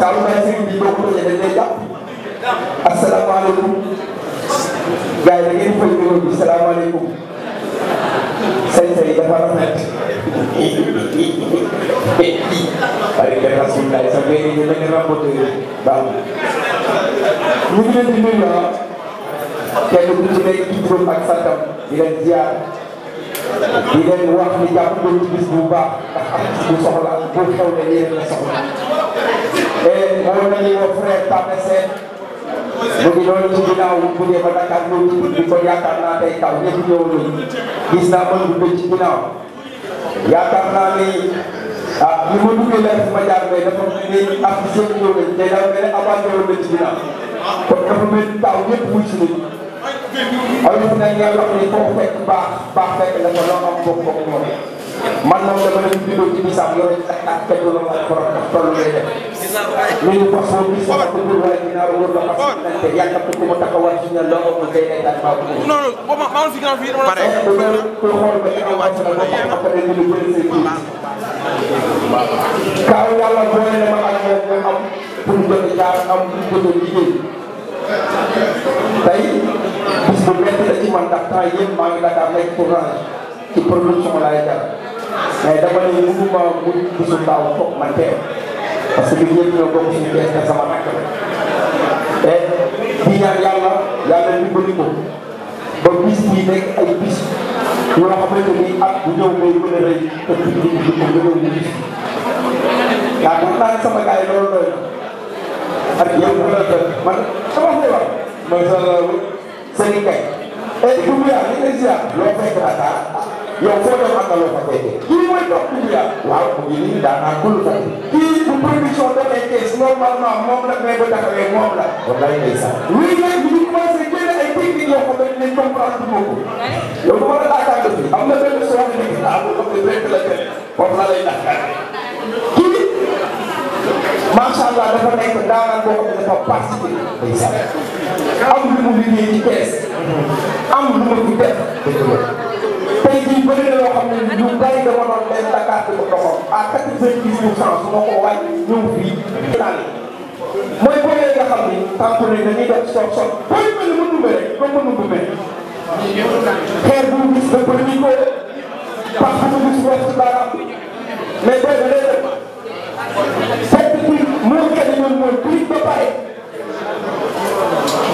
taal ma sëriñ bi boo ko dañ lay jàpp asalaamaaleykum gars yi da ngeen fay numéro bi salaamaaleykum sañ-sañ dafa rafet waaye kenn xas yi daal sax ngay ñu mel ne rapport baax ñu ngi leen di nuyu kenn ku ci nekk ci turam ak santam di leen ziar di leen wax ni jàpp nañu ci bis bu baax ndax bu xew ne yéen la soxla et eh, moom la ñuy wax frère Tame Sène mu ngi noonu ci ginnaaw bu dee ba Dakar loolu di ko yaakaar naa day taw ñëpp ñëw nañu gis naa mën bu bëj ci ginnaaw yaakaar naa ni ah li ma duggee ma jaar mais dafa mel ni ak seen ñëw nañ te dafa mel ni avant ñëw ni taw ñëpp wuy ay na ne ngay wax ni koo fekk baax baax fekk la ko loo am bokk bokk moom man nag dama leen bindoo ci bisam yore ak ak kenn la ma borom ak toll ngay def lu ñu wax soo gis sama dugul wala ginnaaw wóor la xam nante yàlla ko ko mu taxawal ci ne loo ko kay nekk ak baax non non boobu maa ngi fi grand fi pare ku xool ba ci wàcc na ko après ñu lu bëri seen kii kaaw yàlla boole na ma ak moom nga am pour jot jaar am pour jot liggéey tey bu métti la ci man ndax temps yëpp maa ngi Dakar nekk tournage ci production laay jar mais dama ne mënuma mu bisu daaw foog man teew parce que ñun ñëpp ñoo bokk suñu sama nakk te di ñaan yàlla yàlla ñu bëri ko ba bis bii nekk ay bis yoo xamante ni at bu ñëw ngay mën a rëy te tuuti ñu di ko gënoon di gis waaw man naa sama gars yi sëñ Mbaye. et puis bu yàgg li nga ziar loo fekk Dakar yow foo dem am na loo fa fekkee kii mooy toog bu yàgg waaw mu ngi nii daanaka kullu fa kii bu production dafay kees normalement moom la mais ba taxawee moom la. kon day lay sax. luy léegi bu ñu commencé génne ay technique yoo xam ne dañ comprendre moo ko. yow bu ma la laataatee am na benn soxna nit ñi ah bu xam ne béykat la kenn foofu la lay tax macha allah dafa nekk daanaka boo xam ne dafa participer day sax am lu mu liggéey ci kees am lu mu ci def tey jii bëri na loo xam ne ñu bari dama doon leen Dakar di ko doxal à quatre-vingt-dix pour cent su ma ko waaj ñëw fii daal mooy boobu nga xam ni tamponné dañuy def soog soog booy mel ni mënu mel rek ba mënu ko mel xeer bu gis nga bëri ñu ko pax bu gis wax ci baaraam mais boobu léegi fekk amul kalima mooy jullit ba pare.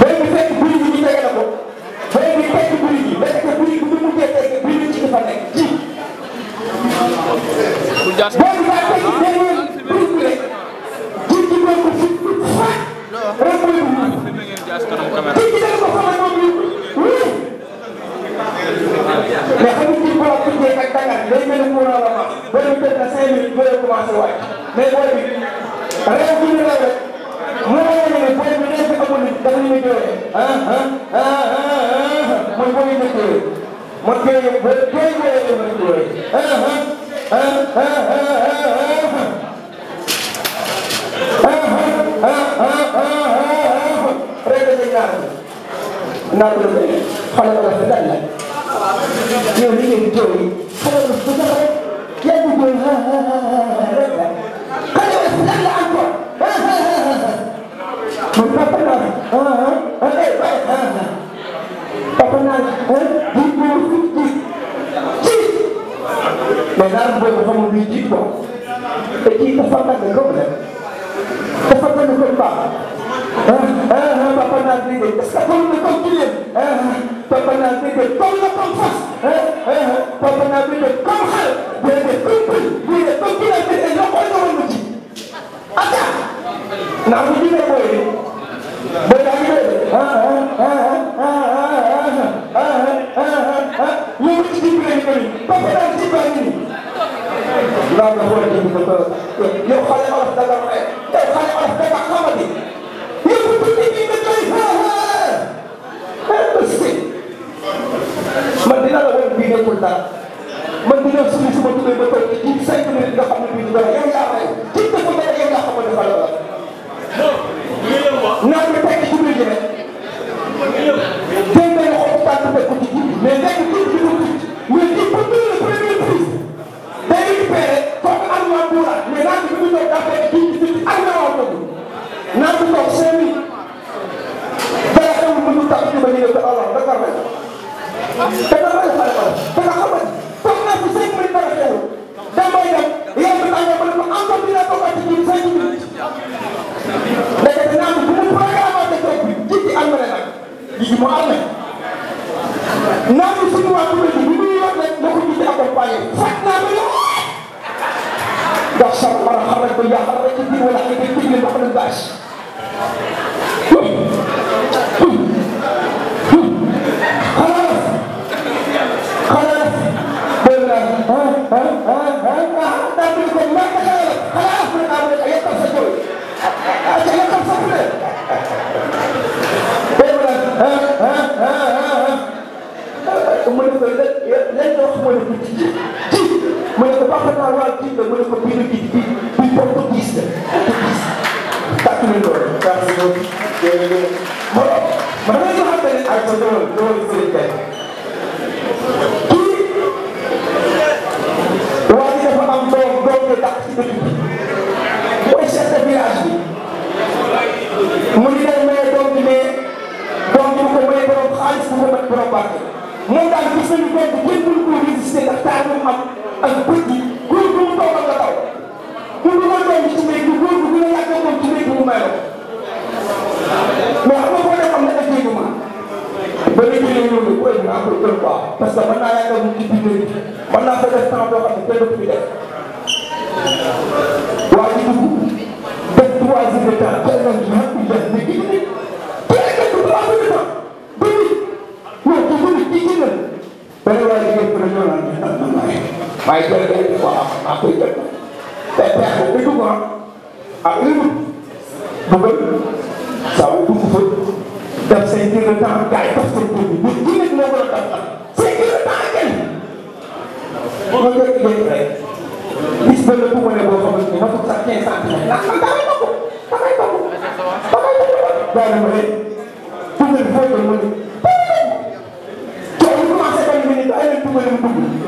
booy bi fekk jullit bi ñu tege na ko booy bi fekk jullit bi fekk jullit bi mu mujjee fekk jullit ci dafa nekk ji. booy bi daa fekk beneen jullit bi rek jullit bi doon ko fi faat rek mooy bu jullit bi ko xamal moom ñu wéy. mais xam nga ci borom tuddee ak Dakar day mel ni mu war a wax ba dem benn cinq minutes ba commencé waaj mais booy bi. Yo, you can do it. Hello, mais daal boobu xam nga luy jiit quoi te kii dafa tànn kaw la dafa tànn kaw baax ah ah papa naa dégg est-ce que toll na comme jigéen ah ah papa naa dégg toll na comme fas ah ah papa naa dégg comme xel déedéet comme pël déedéet comme kii la dégg et yow xool nga woon ci attaque naa ko jigéen booy bi booy daa ngi man dina la wéy bii nekkul dara man dina suñu suba tuddee ba toog ci cinq minutes nga xam ne bii du dara bi moo am ne naan suñu waa commune bi bu ñuy yor rek na ko ñu di accompagner fat naa ba yow ndax sax war a xam rek ba yàq rek ci biir wala ay day dégg ndox lañ baax Hey, waxuma ne ko ci ci ma ne ko partenaire waa kii la ma ne ko bii la bii bii bii bopp ko gis la ko gis tàkk nañ ko rek tàkk nañ ko jërëjëf ma ma damay joxal benn ak sa doole doole sëriñ kay kii waa ji dafa am doom doom la dàq ci dëkk bi mooy chef de village moom daal gis nañu benn benn bu ko résister ndax taal bi am ak bët yi góor bu mu toogal nga taw pour lu ma doon ci mbéy mi góor bu gën a yàgg moom ci mbéy mi mu mayoo mais xam nga boo def am na effectivement ba léegi ne ñoom ñu koy ñu am lu quoi parce que mën naa yaakaar mu ci biir mën naa ko def temps boo xam ne benn bu def waaye su dee day ko am maa koy jot te pexe boobu dugg ah ak léegi dugal saa wu dugg fa def say njëriñ temps gars yi def seen dugub bu bu nekk moo mën a def say njëriñ temps ak kenn. boo ko jëlee béy rek gis benn bu ma ne boo xamante ni ma toog sax 15 centimètres ndax man daa lay bokk da ngay bokk da ngay bokk. daa ne ma ne dugal fooy doon ma ne coow commencé bañ ma ne ay duggal mu dugg.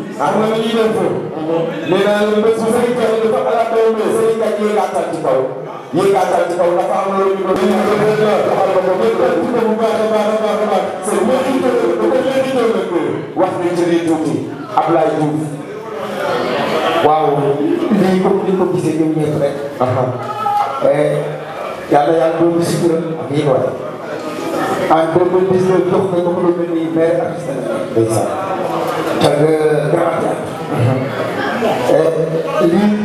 am na lu ñuy def nee naa leen bés bu sëriñ Ka dafa ala taw bi sëriñ Ka ñuy gàttal ci kaw ñuy gàttal ci kaw dafa am loolu ñu doon. ñu doon doon doxal ko ñëpp daal di ko bu baax a baax a baax a baax sëriñ bi ñu doon doon ba léegi ñu doon doon wax nañ ci réew mi Ablaye Diouf waaw lii comme ni ko gisee ñoom ñëpp rek. Eh, yàlla yàlla doon si kuréel ak yéen waay en 2019 jox nañ ko ko doon mel ni maire ak xam nga Brahima. lii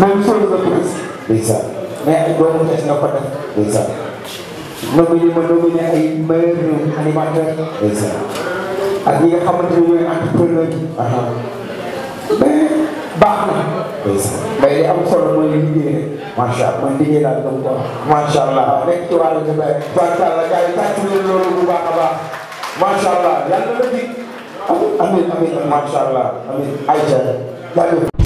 moom solo la ko gis. ndeysaan mais ay doomu des na ko def. ndeysaan. ñooñu ma ñooñu ne ay meilleurs animateurs. ndeysaan. ak ñi nga xamante ne ñooy entrepreneur yi. mais baax na. ndeysaan mais li am solo mooy liggéey rek. macha allah man liggéey daal dama ko wax. macha allah rek ci wàllu mbéy. macha allah gars yi tàcc nañu loolu bu baax a baax. macha allah yàlla la fi. amin amin macha allah amin Aïcha